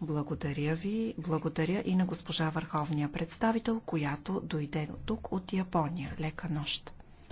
Благодаря ви. Благодаря и на госпожа Върховния представител, която дойде тук от Япония. Лека нощ!